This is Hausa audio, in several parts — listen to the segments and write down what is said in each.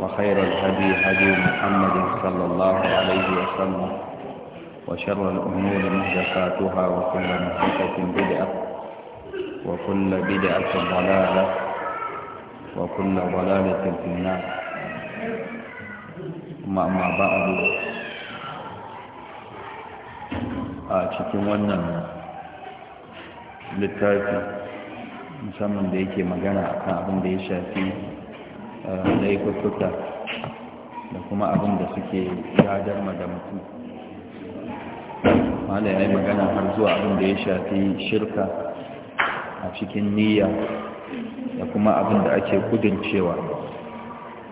وخير الهدي هدي محمد صلى الله عليه وسلم وشر الأمور محدثاتها وكل محدثة بدعة وكل بدعة ضلالة وكل ضلالة في النار ما ما بعد cikin wannan littafi musamman da yake magana akan abin da ya shafi laifuka da kuma abin da suke gadar ma da mutum wanda ya yi magana har zuwa abin da ya shafi shirka a cikin niyya da kuma abin da ake cewa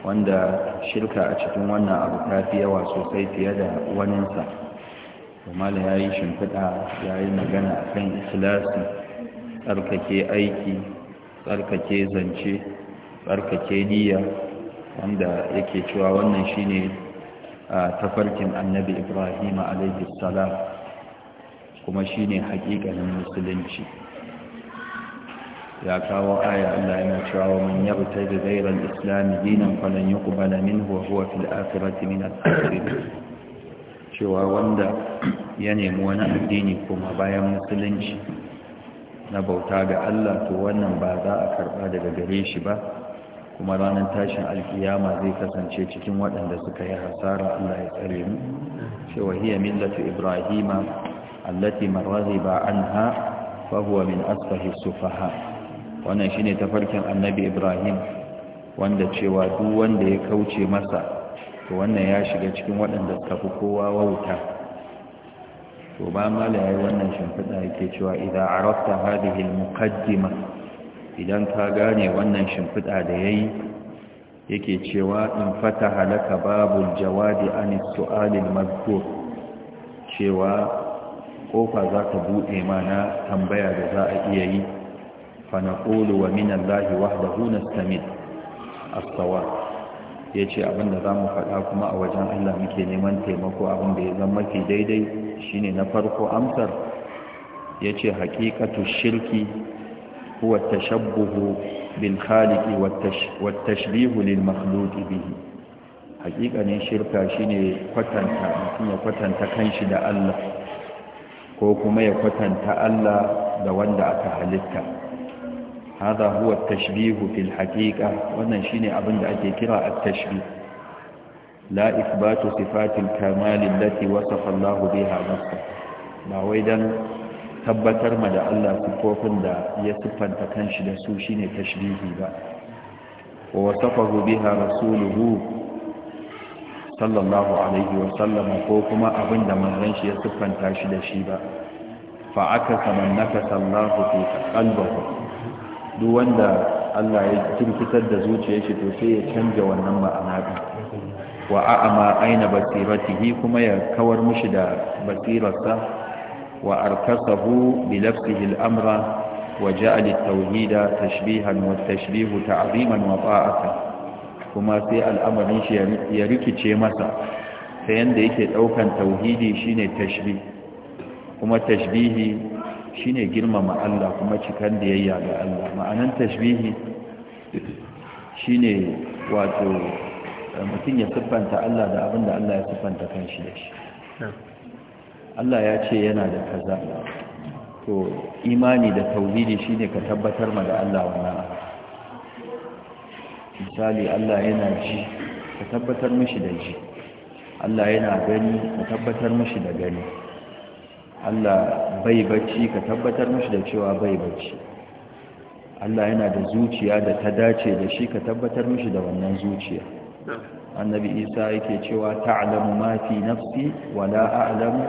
wanda shirka a cikin wannan abu ta fi yawa sosai fiye da waninsa malam ya yi shimfiɗa ya yi magana a kan islasi tsarkake aiki tsarkake zance tsarkake niyya wanda yake cewa wannan shine tafarkin annabi ibrahim alaihi salam kuma shine haƙiƙanin musulunci ya kawo aya Allah yana cewa wa man yabtaji ghayra al-islam dinan falan yuqbala minhu wa huwa fil akhirati min al-khasirin cewa wanda ya nemi wani addini kuma bayan musulunci na bauta ga Allah to wannan ba za a karba daga gare shi ba kuma ranar tashin alkiyama zai kasance cikin waɗanda suka yi hasara Allah ya tsare mu cewa hiya millatu ibrahima allati man raghiba anha fa huwa min asfahi sufaha wannan shine tafarkin annabi ibrahim wanda cewa duk wanda ya kauce masa to wannan ya shiga cikin waɗanda suka fi kowa wauta to ba mala yayi wannan shimfiɗa yake cewa idza arafta hadhihi al-muqaddimah idan ka gane wannan shimfiɗa da ya yi yake cewa in fata halaka babul jawadi an su'alil mazkur cewa kofa za ta buɗe mana tambaya da za a iya yi fa naqulu wa min wahdahu nastamid as-sawa yace abinda zamu faɗa kuma a wajen Allah muke neman taimako abinda ya zama mafi daidai shine na farko amsar yace haƙiƙatu shirki هو tashabbuhu bin والتش... والتشبيه للمخلوق به حقيقه شركا شيني كوتانتا كوتانتا كوتانتا كانشي دا الله ko kuma ya kwatanta Allah da wanda aka halitta hada huwa tashbihu fil haqiqa wannan shine abin da ake kira at-tashbih la ithbatu sifatil kamal allati wasafa Allah biha nafsa ba wai dan tabbatar ma da Allah sifofin da ya siffanta kanshi da su shine tashbihi ba wa wasafahu biha rasuluhu sallallahu alaihi wa sallam ko kuma abin da manzon shi ya siffanta shi da shi ba fa aka saman nakasa Allahu fi qalbihi duk wanda Allah ya tunkutar da zuciyar shi to sai ya canja wannan ma'ana din wa a'ama aina basiratihi kuma ya kawar mushi da basirarsa Wa وأركسه بلبسه الأمر وجعل التوهيد تشبيها والتشبيه تعظيما وطاعة kuma sai al'amarin shi ya rikice masa ta yanda yake ɗaukan tauhidi shine tashbi kuma tashbihi shine girmama Allah kuma cikan da yayya ga Allah ma'anan tashbihi shine wato mutum ya siffanta Allah da abin da Allah ya siffanta kanshi da shi Allah ya ce yana da kaza to imani da tauhidi shine ka tabbatar ma da Allah wannan misali Allah yana ji ka tabbatar mishi da ji Allah yana gani ka tabbatar mishi da gani Allah bai bacci ka tabbatar mishi da cewa bai bacci Allah yana da zuciya da ta dace da shi ka tabbatar mishi da wannan zuciya annabi isa yake cewa ta'lamu ma fi nafsi wa la a'lamu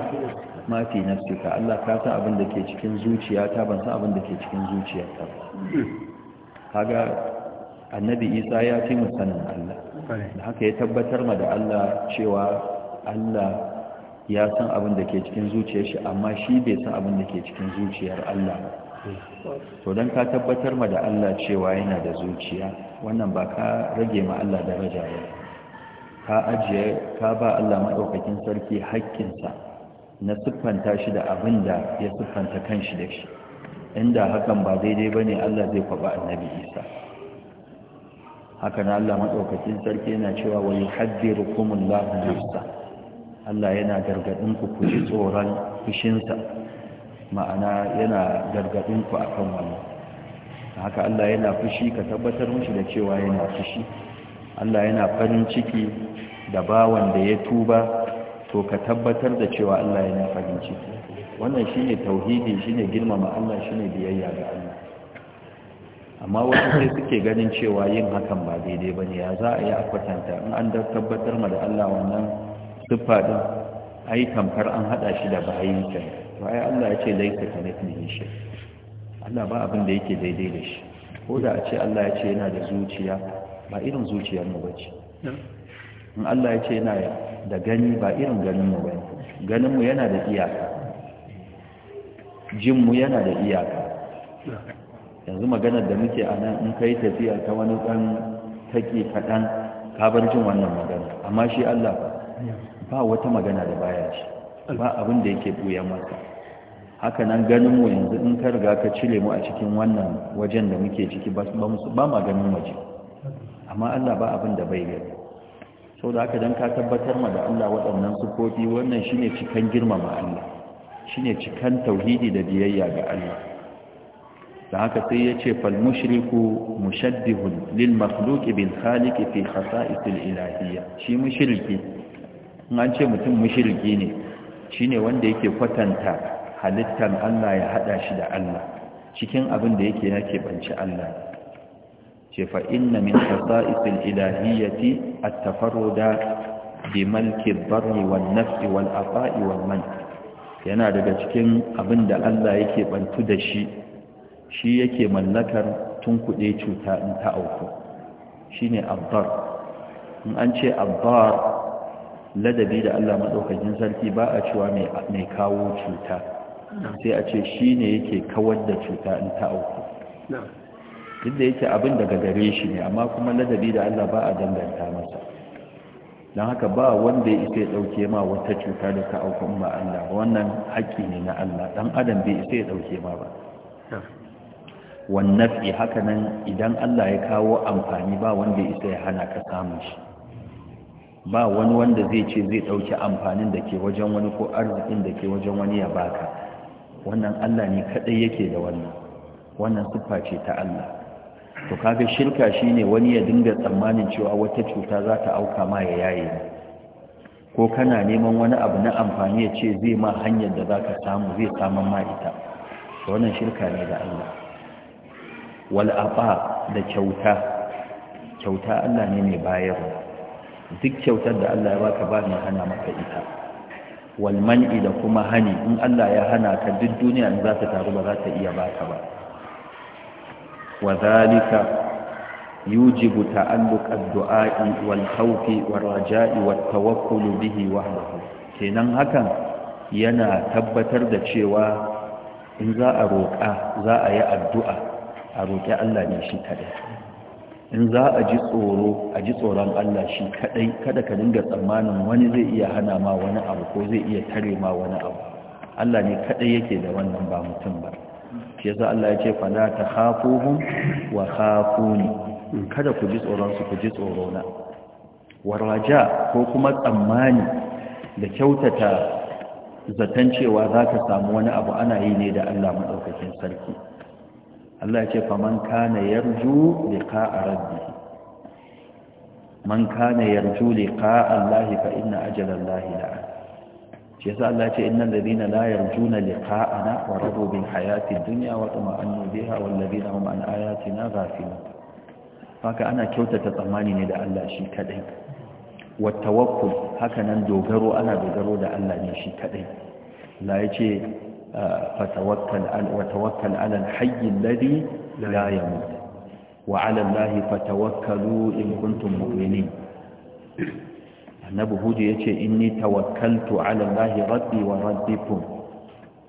ma fi ka Allah ka san abin da ke cikin zuciyata ban san abin da ke cikin zuciyarka kaga annabi isa ya fi mu sanin Allah da haka ya tabbatar ma da Allah cewa Allah ya san abin da ke cikin zuciyar shi amma shi bai san abin da ke cikin zuciyar Allah to dan ka tabbatar ma da Allah cewa yana da zuciya wannan ba ka rage ma Allah daraja ba ka ajiye ka ba Allah maɗaukakin sarki haƙƙinsa na siffanta shi da abin da ya siffanta shi da shi inda hakan ba daidai ba ne Allah zai kwaɓa annabi isa haka Allah maɗaukakin sarki yana cewa wa yuhaddiru kumun lahu nafsa Allah yana gargaɗin ku ku ji tsoron fushinsa ma'ana yana gargaɗin ku akan wannan haka Allah yana fushi ka tabbatar mushi da cewa yana fushi Allah yana farin ciki da bawan da ya tuba to ka tabbatar da cewa Allah yana farin ciki wannan shine tauhidi shine girmama Allah shine biyayya ga Allah amma wasu sai suke ganin cewa yin hakan ba daidai bane ya za a yi a kwatanta in an da tabbatar ma da Allah wannan siffa din ai tamkar an haɗa shi da bayin to ai Allah ya ce laita kanatni shi Allah ba abin da yake daidai da shi ko da a ce Allah ya ce yana da zuciya ba irin zuciyar mu ce in Allah ya ce yana da gani ba irin ganin mu bane ganin yana da iyaka jin mu yana da iyaka yanzu maganar da muke a nan in kai tafiya ta wani ɗan take kaɗan kabar jin wannan magana amma shi Allah ba wata magana da baya ce ba abin da yake buya masa haka nan ganin mu yanzu in ka riga ka cire mu a cikin wannan wajen da muke ciki ba ba ma ganin waje amma Allah ba abin da bai gani sau da aka don ka tabbatar ma da Allah waɗannan sufofi wannan shi ne cikan girmama Allah shi ne cikan tauhidi da biyayya ga Allah da haka sai ya ce falmushiriku mushaddihun lil makhluki bin khaliki fi khasa'isil ilahiyya shi mushiriki in an ce mutum mushiriki ne shi ne wanda yake kwatanta halittar Allah ya haɗa shi da Allah cikin abin da yake ya banci Allah ce fa min min khasa'is ilahiyyati at-tafarruda bi malki barri wan nafsi wal afa'i wal man yana daga cikin abin da Allah yake bantu da shi shi yake mallakar tun kuɗe cuta in ta auku ne abdar in an ce abdar ladabi da Allah maɗaukakin sarki ba a cewa mai kawo cuta sai a ce ne yake kawar da cuta in ta auku duk da yake abin daga gare shi ne amma kuma ladabi da Allah ba a danganta masa don haka ba wanda ya isa ya ɗauke ma wata cuta da ta auku ba Allah wannan haƙƙi ne na Allah dan adam bai isa ya ɗauke ma ba wannan fi haka nan idan Allah ya kawo amfani ba wanda ya isa ya hana ka samun shi ba wani wanda zai ce zai ɗauki amfanin da ke wajen wani ko arzikin da ke wajen wani ya baka wannan Allah ne kaɗai yake da wannan wannan siffa ce ta Allah to kaga shirka shine wani ya dinga tsammanin cewa wata cuta za ta auka ma ya yaye ko kana neman wani abu na amfani ya ce zai ma hanyar da za ka samu zai saman ma ita to wannan shirka ne da Allah wal da kyauta kyauta Allah ne mai bayarwa duk kyautar da Allah ya baka ba ne hana maka ita wal man'i da kuma hani in Allah ya hana ka duk duniya in za ta taru ba za ta iya baka ba وذلك يوجب تعلق الدعاء والخوف والرجاء والتوكل به وحده kenan hakan yana tabbatar da cewa in za a roƙa za a yi addu'a a roƙi Allah ne shi kaɗai in za a ji tsoro a ji tsoron Allah shi kaɗai kada ka dinga tsammanin wani zai iya hana ma wani abu ko zai iya tare ma wani abu Allah ne kaɗai yake da wannan ba mutum ba shi yasa Allah ya ce ta takhafuhum wa khafuni kada ku ji tsoronsu ku ji tsoro na waraja ko kuma tsammani da kyautata zaton cewa zaka samu wani abu ana yi ne da Allah maɗaukakin sarki Allah ya ce faman kana yarju liqa'a rabbih man kana yarju liqa'a Allah fa inna ajiyar Allah la'a shi yasa Allah ce innal ladina la yarjuna liqa'ana wa radu bil hayati dunya wa tama'annu biha wal ladina hum an ayatina ghafilun haka ana kyautata tsammani ne da Allah shi kadai wa tawakkul haka nan dogaro ana dogaro da Allah ne shi kadai la yace ah, fa tawakkal al wa tawakkal ala al hayy alladhi la yamut wa ala allahi fatawakkalu in kuntum mu'minin annabi hudu ya ce inni tawakkaltu ala allahi rabbi wa rabbikum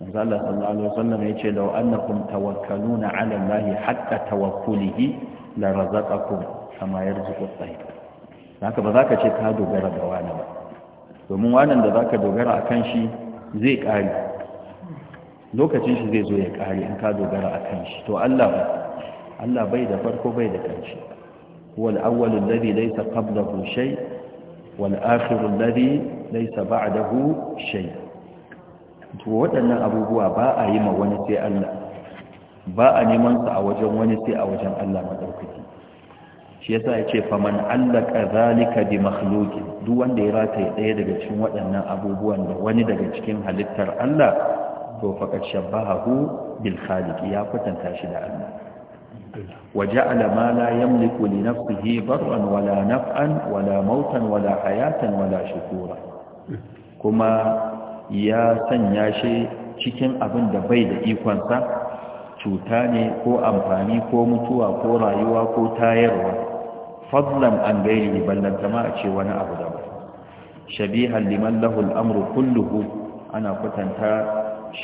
manzo Allah sallallahu alaihi wasallam ya ce law annakum tawakkaluna ala allahi hatta tawakkulihi la razaqakum kama yarzuqu at-tayr haka ba za ka ce ka dogara ga wani ba domin wannan da zaka dogara akan shi zai kare lokacin shi zai zo ya kare in ka dogara akan shi to Allah Allah bai da farko bai da ƙarshe huwa al-awwal alladhi laysa qablahu shay' والآخر الذي ليس بعده شيء to waɗannan abubuwa ba a yi ma wani sai Allah ba a neman su a wajen wani sai a wajen Allah madaukaki shi yasa yace faman allaka zalika bi makhluqin duk wanda ya rataye ɗaya daga cikin waɗannan abubuwan da wani daga cikin halittar Allah to faqad shabbahahu bil khaliq ya kwatanta shi da Allah وجعل ما لا يملك لنفسه برا ولا نفعا ولا موتا ولا حياة ولا شكورا كما يا سنياشي cikin abin da bai da ikonsa cuta ne ko amfani ko mutuwa ko rayuwa ko tayarwa fadlan an gairi ballantama a ce wani abu da ba shabihan liman lahul amru kulluhu ana kwatanta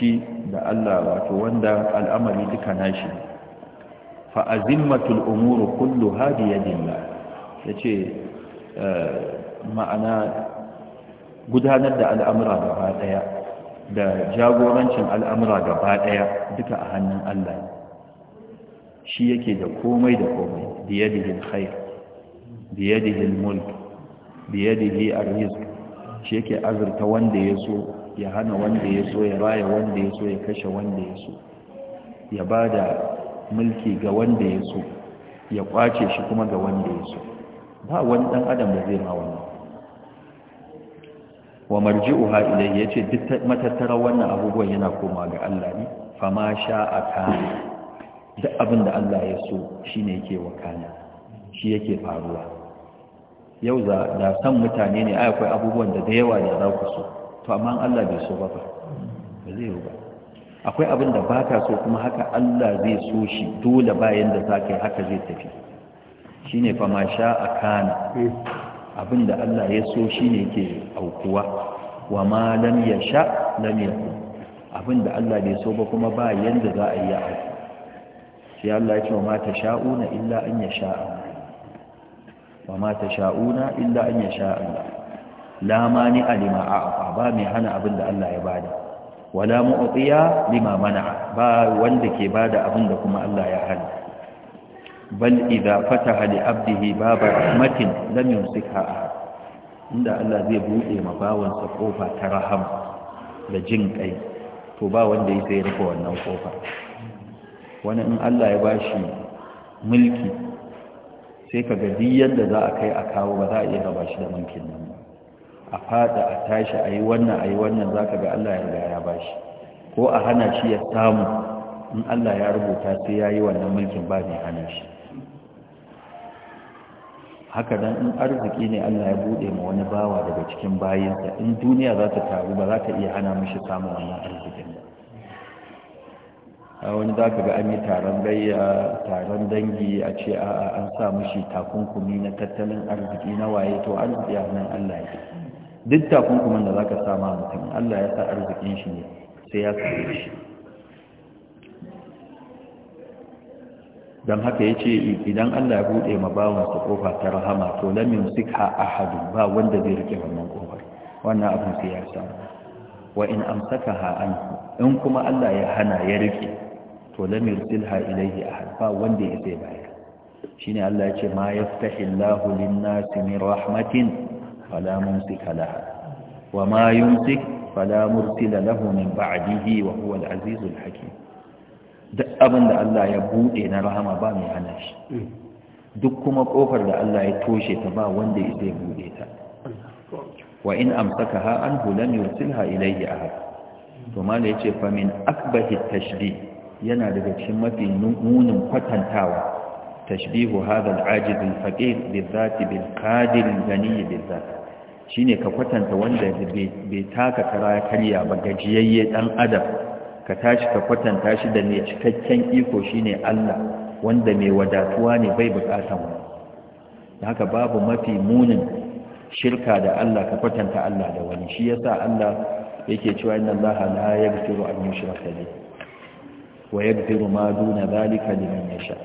shi da Allah wato wanda al'amari duka nashi fa'azimmatul azimmatul umuru kulluha bi Ya yace eh, ma'ana gudanar da al'amura gaba ɗaya, da jagorancin al'amura gaba ɗaya, duka a hannun Allah shi yake da komai da komai biyadihi alkhair biyadihi almulk biyadihi arrizq shi yake azurta wanda ya so ya hana wanda ya so ya raya wanda ya so ya kashe wanda ya so ya bada mulki ga wanda ya so ya kwace shi kuma ga wanda ya so ba wani dan adam da zai ma wannan wa marji'uha ilayhi yace duk matattara wannan abubuwan yana koma ga Allah ne fama sha'a ka duk abin da Allah ya so shine yake wakana shi yake faruwa yau za da san mutane ne akwai abubuwan da da yawa da za ku so to amma Allah bai so ba ba zai yi ba akwai abin da ba ka so kuma haka Allah zai so shi dole bayan da za ka haka zai tafi shi ne fama sha a kana abin da Allah ya so shi ne ke aukuwa wa ma lam ya sha lam ya ku abin da Allah bai so ba kuma ba yanda za a yi ya auku sai Allah ya ce wa ma ta sha'una illa an ya sha wa ma ta sha'una illa an ya sha Allah la mani alima a ba mai hana abin da Allah ya bada wala mu'tiya lima mana ba wanda ke bada abin da kuma Allah ya hana bal idza fataha li abdihi baba rahmatin lam yumsikha inda Allah zai bude ma bawansa kofa ta rahama da jin kai to ba wanda ya rufe wannan kofa wani in Allah ya bashi mulki sai ka ga duk yanda za a kai a kawo ba za a iya raba shi da mulkin nan a fada a tashi a yi wannan a yi wannan za ka ga Allah ya riga ya bashi ko a hana shi ya samu in Allah ya rubuta sai ya yi wannan mulkin ba mai hana shi haka dan in arziki ne Allah ya buɗe ma wani bawa daga cikin bayinsa, in duniya za ta taru ba za ta iya hana mishi samun wannan arzikin ba a wani za ka ga an yi taron gayya taron dangi a ce a'a an sa mishi takunkumi na tattalin arziki na waye to arziki a nan allah ya duk takunkumin da zaka sama mutum Allah ya sa arzikin shi ne sai ya kare shi dan haka yace idan Allah ya bude ma bawansa sa kofa ta rahama to lam yumsikha ahad ba wanda zai rike wannan kofar wannan abin sai ya samu wa in amsakaha anhu in kuma Allah ya hana ya rike to silha yursilha ilayhi ahad ba wanda ya sai bayar shine Allah ya ce ma yaftahi Allahu lin-nasi min rahmatin فلا ممسك لها وما يمسك فلا مرسل له من بعده وهو العزيز الحكيم duk abin da Allah ya buɗe na rahama ba mai hana shi duk kuma ƙofar da Allah ya toshe ta ba wanda ya zai buɗe ta wa in amsaka ha an hulam yursilha ilayhi ahad to mala yace fa min akbahi tashbih yana daga cikin mafi munin kwatantawa tashbihu hadha al-ajiz al-faqir bi dhati bil qadir al-ghani bi dhati shine ka kwatanta wanda bai taka kara karya ba gajiyayye ɗan adam ka tashi ka kwatanta shi da mai cikakken iko shine Allah wanda mai wadatuwa ne bai bukatan wani da haka babu mafi munin shirka da Allah ka kwatanta Allah da wani shi yasa Allah yake cewa inna Allah la yaghfiru an yushraka bihi wa yaghfiru ma duna dhalika liman yasha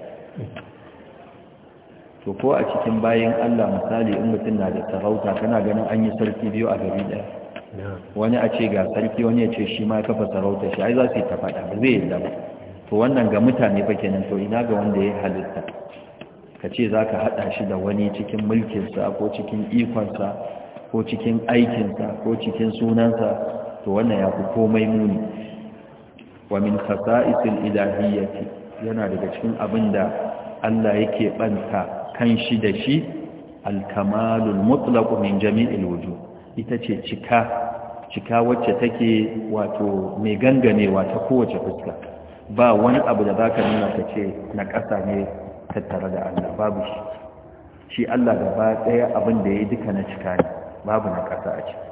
to ko a cikin bayan Allah misali in mutum na da sarauta kana ganin an yi sarki biyu a gari ɗaya wani a ce ga sarki wani ya ce shi ma kafa sarauta shi ai za su yi ta faɗa ba zai yi ba to wannan ga mutane fa kenan to ina ga wanda ya halitta ka ce za ka haɗa shi da wani cikin mulkinsa ko cikin ikonsa ko cikin aikinsa ko cikin sunansa to wannan ya fi komai muni wa min khasa'isil ilahiyyati yana daga cikin abin da Allah yake banta kan shi da shi alkamalul mutlaqu min jami'il wujuh ita ce cika cika wacce take wato mai ganganewa ta kowace fuska ba wani abu da zaka nuna ka ce na ƙasa ne tattare da Allah babu shi shi Allah gaba ɗaya abin da yayi duka na cika ne babu na ƙasa a ciki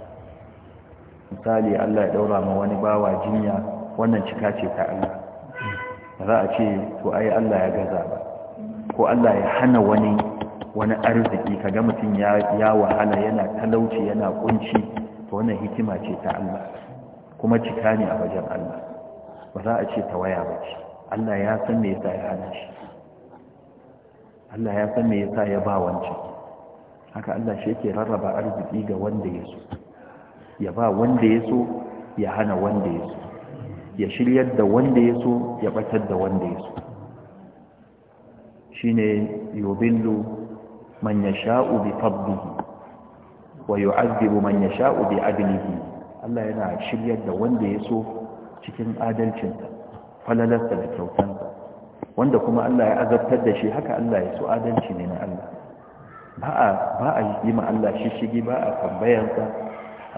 misali Allah ya daura ma wani bawa jinya wannan cika ce ta Allah za a ce to ai Allah ya gaza ba ko Allah ya hana wani wani arziki kaga mutum ya wahala yana talauci yana kunci to wannan hikima ce ta Allah kuma cika ne a wajen Allah ba za a ce ta waya ba ce Allah ya san me yasa ya hana shi Allah ya san me yasa ya ba wancan haka Allah shi yake rarraba arziki ga wanda ya so ya ba wanda ya so ya hana wanda ya so ya shiryar da wanda ya so ya batar da wanda ya so shine yubillu man yasha'u bi fadlihi wa yu'adhibu man yasha'u bi adlihi Allah yana shiryar da wanda ya so cikin adalcinsa falalarsa da kyautansa wanda kuma Allah ya azabtar da shi haka Allah ya so adalci ne na Allah ba a ba a yi ma Allah shishigi ba a tambayarsa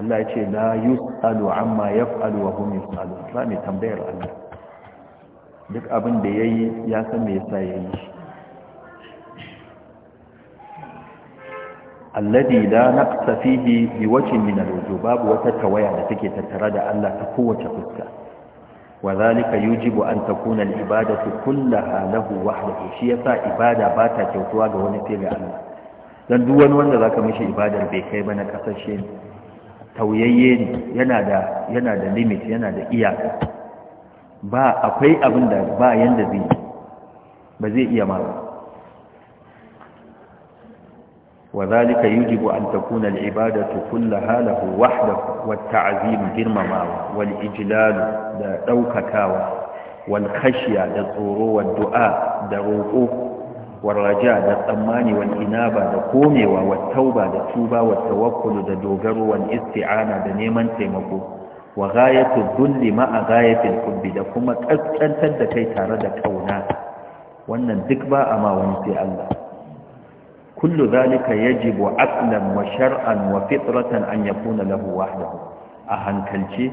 Allah ya ce la yus'alu amma yaf'alu wa hum yus'alun ba mai tambayar Allah duk abin da yayi ya san me yasa yayi shi alladhi la naqsa fihi biwajhin min alwujuh babu wata tawaya da take tattara da Allah ta kowace fuska wadhalika yujibu an takuna alibadatu kullaha lahu wahdahu shi yasa ibada ba ta kyautuwa ga wani sai ga Allah dan duk wani wanda zaka mishi ibadar bai kai ba na kasashe tauyayye ne yana da yana da limit yana da iyaka ba akwai abin da ba yanda zai ba zai iya ma وذلك يجب أن تكون العبادة كلها له وحده والتعظيم جرمماوة والإجلال دوككاوة والخشية للظهور والدعاء دروقه والرجاء للطمان والإنابة لقوموة والتوبة للتوبة والتوكل لدوغر والاستعانة لنيمان تيمكو وغاية الذل مع غاية الحب لكم أكثر تدكي تارد كونا وأن الذكبة أما ونسي الله kullu zalika yajibu aqlan wa shar'an wa fitratan an yakuna lahu wahdahu a hankalce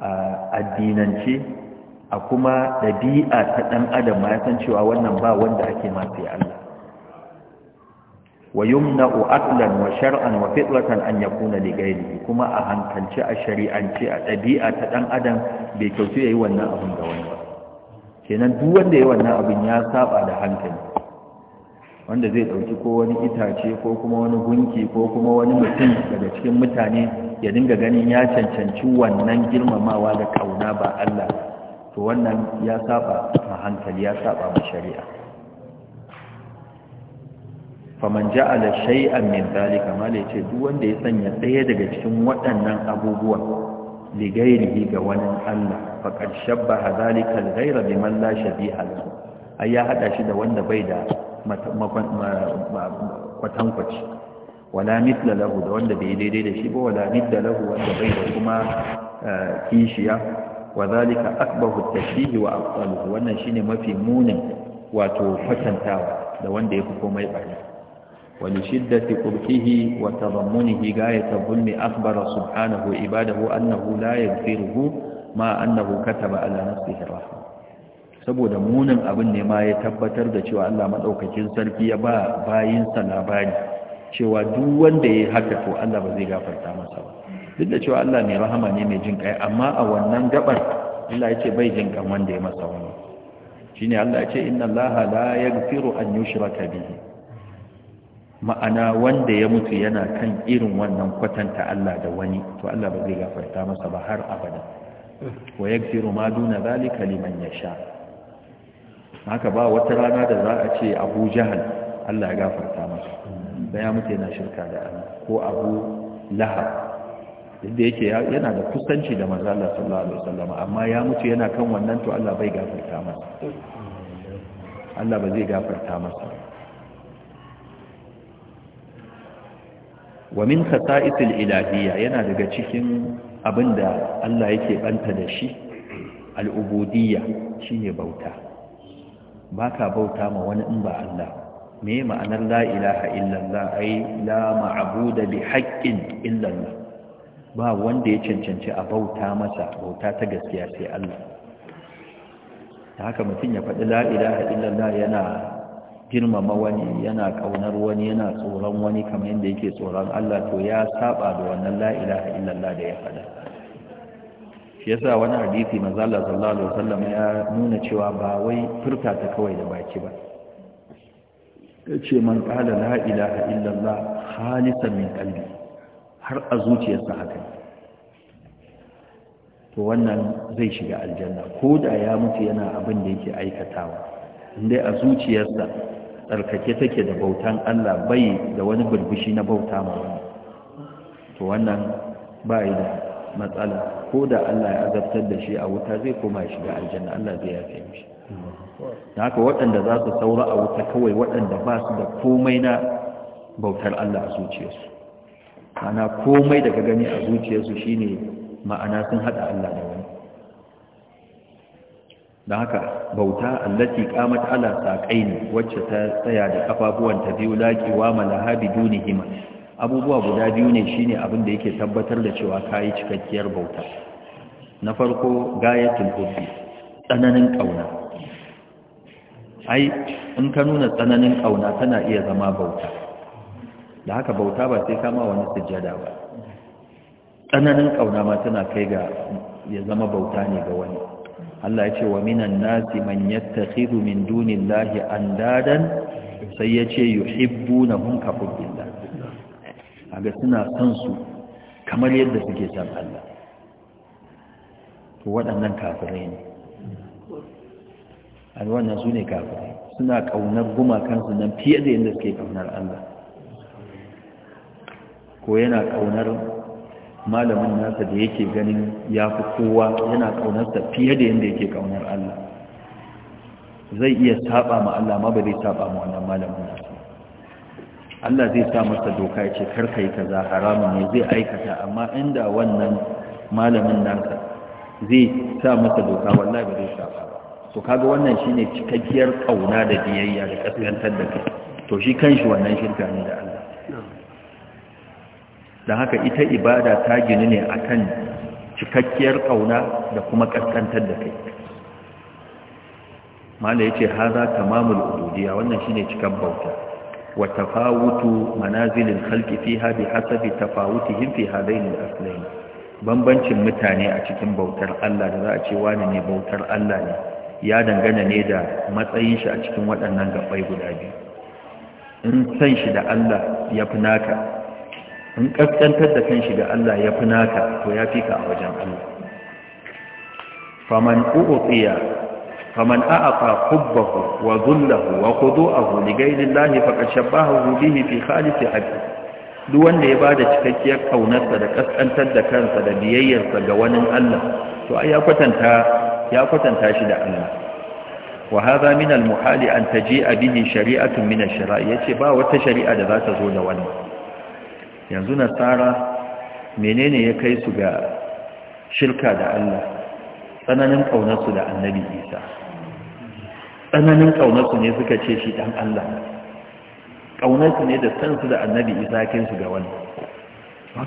a addinance a kuma ɗabi'a ta ɗan adam ma ya san cewa wannan ba wanda ake ma sai Allah wa yumna'u wa shar'an wa fitratan an yakuna li ghayrihi kuma a hankalce a shari'ance a ɗabi'a ta ɗan adam bai yayi wannan abin ga wani ba kenan duk wanda yayi wannan abin ya saba da hankali wanda zai ɗauki ko wani itace ko kuma wani gunki ko kuma wani mutum daga cikin mutane ya dinga ganin ya cancanci wannan girmamawa da kauna ba Allah to wannan ya saba a hankali ya saba ma shari'a faman ja'ala shay'an min zalika ya ce duk wanda ya sanya ɗaya daga cikin waɗannan abubuwan ligairihi ga wani Allah faqad shabbaha zalika al-ghayra biman la shabiha lahu ayya ya hada shi da wanda bai da kwatankwaci wala mitla lahu da wanda bai daidai da shi ba wala mitla lahu wanda bai da kuma eh, kishiya wa zalika akbahu tashbihi wa afdaluhu wannan shine mafi munin wato kwatantawa da wanda fi komai bane wani shiddati qubhihi wa tadammunihi gayata bulmi akbara subhanahu ibadahu annahu la yaghfiruhu ma annahu kataba ala nafsihi rahmah saboda munin abin ne ma ya tabbatar da cewa Allah maɗaukakin sarki ya ba bayinsa labari cewa duk wanda ya haka to Allah ba zai gafarta masa ba duk da cewa Allah mai rahama ne mai jin kai amma a wannan gabar Allah ya ce bai jin kan wanda ya masa wani shine Allah ya ce inna Allah la yaghfiru an yushraka bihi ma'ana wanda ya mutu yana kan irin wannan kwatanta Allah da wani to Allah ba zai gafarta masa ba har abada wa yaghfiru ma duna zalika liman yasha haka ba wata rana da za a ce abu jahal allah ya gafarta masu, don mutu yana shirka da allah ko abu lahab inda yake yana da kusanci da manzo Allah sallallahu alaihi wasallam amma ya mutu yana kan wannan to Allah bai gafarta masa Allah ba zai gafarta masa wa min isil ilahiyya yana daga cikin abinda Allah yake banta da shi al-ubudiyya shine bauta ba ka bauta ma wani in ba Allah me ma'anar la ilaha illallah ai la ma'budu bi haqqin illallah ba wanda ya cancanci a bauta masa bauta ta gaskiya sai Allah ta haka mutum ya faɗi la ilaha illallah yana girmama wani yana ƙaunar wani yana tsoron wani kamar yadda yake tsoron Allah to ya saba da wannan la ilaha illallah da ya faɗa shi yasa wani hadisi manzo Allah sallallahu alaihi wasallam ya nuna cewa ba wai furta ta kawai da baki ba yace man qala la ilaha illa Allah khalisan min qalbi har a zuciyarsa haka to wannan zai shiga aljanna ko da ya mutu yana abin da yake aikatawa indai a zuciyarsa tsarkake take da bautan Allah bai da wani burbushi na bauta ma to wannan ba da matsala ko da Allah ya azabtar da shi a wuta zai koma ya shiga aljanna Allah zai yafe mishi da haka waɗanda za su saura a wuta kawai waɗanda ba su da komai na bautar Allah a zuciyarsu ana komai daga gani a zuciyarsu shine ma'ana sun haɗa Allah da wani Da haka bauta allati qamat ala saqaini wacce ta tsaya da kafafuwan ta biyu laqiwa duni, himma. abubuwa guda biyu ne shine abin da yake tabbatar da cewa kayi cikakkiyar bauta na farko gayatul hubbi tsananin kauna ai in ka nuna tsananin kauna tana iya zama bauta da haka bauta ba sai kama wani sujjada ba tsananin kauna ma tana kai ga ya zama bauta ne ga wani Allah ya ce wa minan nasi man yattakhidhu min dunillahi andadan sai ya ce yuhibbunahum ka hubbillah kaga suna son su kamar yadda suke san Allah to waɗannan kafirai ne alwannan su ne kafirai suna ƙaunar gumakansu nan fiye da yadda suke ƙaunar Allah ko yana ƙaunar malamin nasa da yake ganin ya fi kowa yana ƙaunarsa fiye da yadda yake ƙaunar Allah zai iya saba ma Allah ma ba zai saba ma wannan malamin nasa Allah zai sa masa doka ya ce karka yi kaza haramun ne zai aikata amma inda wannan malamin nanka zai sa masa doka wallahi ba zai shafa to kaga wannan shine cikakkiyar kauna da biyayya da kaskantar da kai to shi kanshi wannan shirka ne da Allah dan haka ita ibada ta ginu ne akan cikakkiyar kauna da kuma kaskantar da kai Malam yace haza tamamul ubudiyya wannan shine cikakken bauta وتفاوت منازل الخلق فيها بحسب تفاوتهم في هذين الأصلين bambancin mutane a cikin bautar Allah da za a ce wani ne bautar Allah ne ya dangana ne da matsayin shi a cikin waɗannan gabai guda biyu in san da Allah ya da Allah ya fi naka to ya fi ka a wajen Allah faman u'utiya faman a'afa hubbahu wa dhullahu wa khudu'ahu li ghayri Allah faqad shabbahahu bihi fi khalisi abdi duk wanda ya bada cikakkiyar kaunarsa da kaskantar da kansa da biyayyarsa ga wani Allah to ai ya kwatanta shi da Allah wa hadha min al-muhali an taji'a bihi shari'atun min ash-shara'i yace ba wata shari'a da za ta zo da wannan yanzu nasara menene ya kai su ga shirka da Allah tsananin ƙaunarsu da annabi Isa tsananin ƙaunarsu ne suka ce shi ɗan Allah ƙaunarsu ne da sansu da annabi isa kinsu ga wani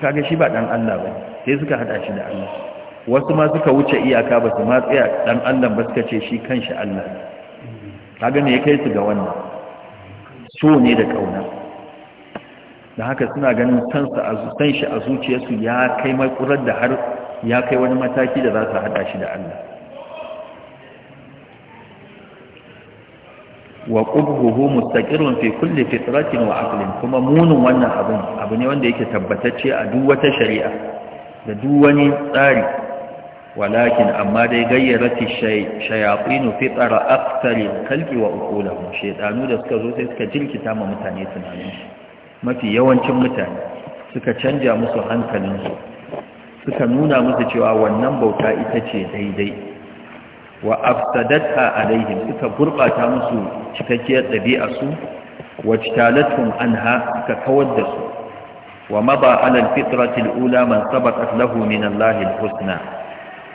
ka ga shi ba ɗan Allah ba sai suka haɗa shi da Allah wasu ma suka wuce iyaka ba su matsaya ɗan Allah ba suka ce shi kan shi Allah Ta ne ya kai su ga wannan so ne da ƙauna da haka suna ganin san shi a zuciyarsu ya kai makurar da har ya kai wani mataki da za su haɗa shi da Allah wa qubhuhu mustaqirrun fi kulli fitratin wa aqlin kuma munin wannan abin abu ne wanda yake tabbatacce a duk wata shari'a da duk wani tsari walakin amma dai gayyarati shayatin fitra aktari kalbi wa uqulahum shaytanu da suka zo sai suka jirkita ma mutane tunanin mafi yawancin mutane suka canja musu hankalinsu suka nuna musu cewa wannan bauta ita ce daidai wa afsadatha alaihim suka gurbata musu cikakkiyar ɗabi'arsu wa jitalatun anha suka kawar da su wa maba alal fitratil ula man sabaqat lahu min Allahil husna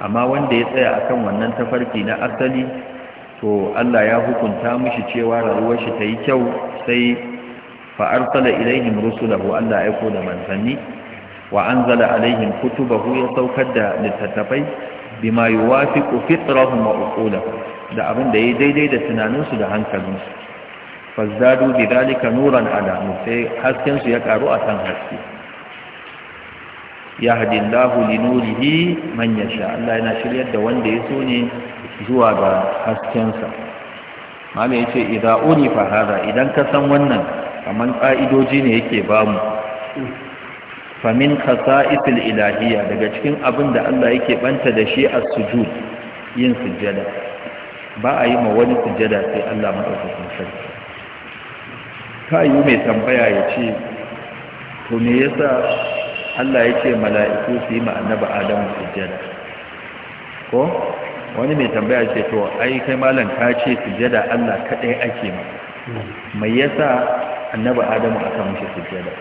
amma wanda ya tsaya akan wannan tafarki na asali to Allah ya hukunta mishi cewa rayuwar shi ta yi kyau sai fa arsala ilaihim rusulahu Allah ya aiko da manzanni wa anzala alaihim kutubahu ya saukar da littattafai bima yuwafiqu fitrahum wa uqulahum da abin da yayi daidai da tunaninsu da hankalinsu bi dalika nuran ala sai haskensu su ya karu kan haske yahdi Allahu li nurihi man yasha Allah yana shiryar da wanda ya so ne zuwa ga hasken sa malai yace idza fa hada idan ka san wannan kaman ka'idoji ne yake bamu famin khasa'isil ilahiyya daga cikin abin da Allah yake banta da shi a sujud yin sujada, ba a yi ma wani sujada sai Allah maɗaukakin sarki ka yi mai tambaya ya ce to me yasa Allah ya ce mala'iku su yi ma'annaba Adamu sujada? ko wani mai tambaya ce to ai kai malam ka ce sujada Allah kaɗai ake ma mai hmm. yasa annaba Adamu aka mishi sujada?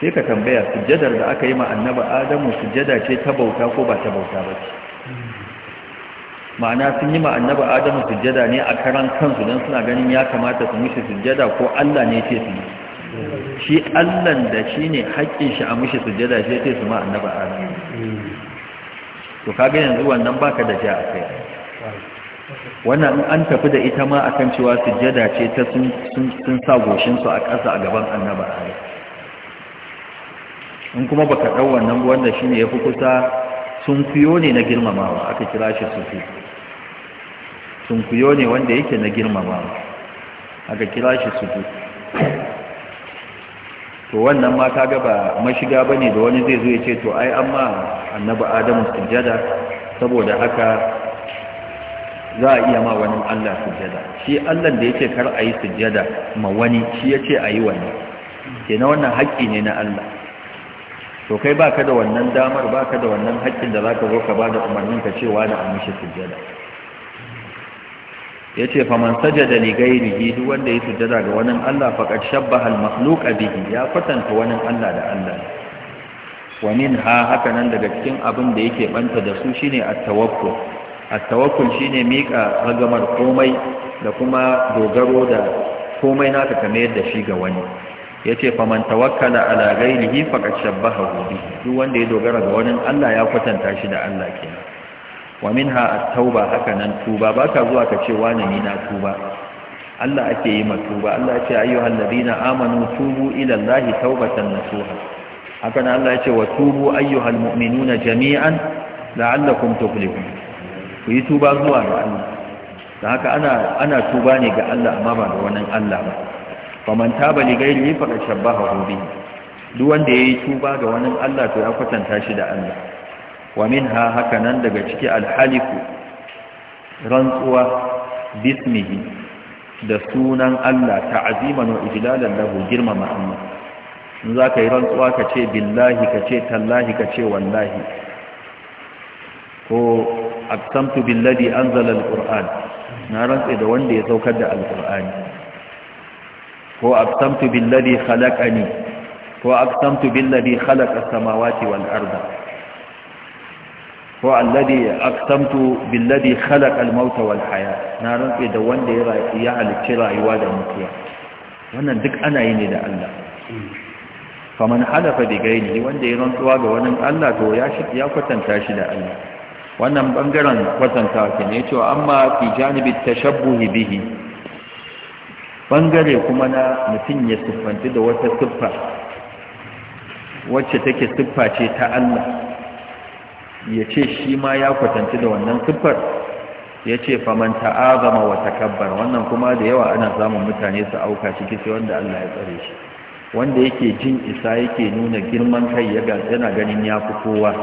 sai ka tambaya sujjadar da aka yi ma annaba adamu sujjada ce ta bauta ko ba ta bauta ba ce ma'ana sun yi ma annaba adamu sujjada ne a karan kansu don suna ganin ya kamata su mishi sujjada ko allah ne ce su shi allah da shi ne haƙƙin shi a mishi sujjada shi ce su ma annaba adamu to ka yanzu wannan baka da ja a kai wannan in an tafi da ita ma akan cewa sujjada ce ta sun sa goshinsu a ƙasa a gaban annaba adamu in kuma baka ɗau wannan wanda shi ne ya fi kusa sun kuyo ne na girmamawa aka kira shi sufi sun kuyo ne wanda yake na girmamawa aka kira shi sufi to wannan ma ta gaba mashiga ba ne da wani zai zo ya ce to ai amma annabi adamu sujada saboda haka za a iya ma wani Allah sujada shi Allah da yake kar a yi sujada ma wani shi ya ce a yi wani na wannan haƙƙi ne na Allah to kai baka da wannan damar baka da wannan haƙƙin da zaka zo ka bada umarnin ka cewa da amshi sujjada yace fa man sajada li ghairihi duk wanda ya sujjada ga wani Allah faqad shabbaha al makhluq bihi ya kwatanta wani Allah da Allah wa minha haka nan daga cikin abin da yake banta da su shine at-tawakkul at-tawakkul shine mika ragamar komai da kuma dogaro da komai naka kamar yadda shi ga wani Ya yace faman tawakkala ala ghairihi faqad shabbaha bi duk wanda ya dogara ga wani Allah ya kwatanta shi da Allah ke. wa min at-tauba haka nan tuba baka zuwa ka ce wani ni na tuba Allah ake yi ma tuba Allah ya ce ayyuhal ladina amanu tubu ila Allahi taubatan nasuha haka nan Allah ya ce wa tubu ayyuhal mu'minuna jami'an la'allakum tuflihun ku yi tuba zuwa ga Allah dan haka ana ana tuba ne ga Allah amma ba ga wani Allah ba faman taba li gairi faqad shabbaha bihi duk wanda yayi tuba ga wani Allah to ya kwatanta shi da Allah wa haka nan daga ciki alhaliku rantsuwa bismihi da sunan Allah ta'ziman wa ijlalan lahu girma ma'amma in ka yi rantsuwa ka ce billahi ka ce tallahi ka ce wallahi ko aqsamtu billadhi anzala na rantsa da wanda ya saukar da Alkur'ani. ko aqsamtu billadhi khalaqani ko aqsamtu billadhi khalaqa samawati wal arda ko alladhi aqsamtu billadhi khalaqa al-maut wal hayat na rantsi da wanda ya ya halicci rayuwa da mutuwa wannan duk ana yi ne da Allah faman halafa bi gairi wanda ya rantsuwa ga wani Allah to ya shi ya kwatanta shi da Allah wannan bangaren kwatanta kenan yace amma fi janibi tashabbuhi bihi bangare kuma na mutum ya siffanci da wata siffa wacce take siffa ce ta Allah ya ce shi ma ya kwatanci da wannan siffar ya ce faman ta'azama wa takabbar wannan kuma da yawa ana samun mutane su auka ciki sai wanda Allah ya tsare shi wanda yake jin isa yake nuna girman kai yana ganin ya fi kowa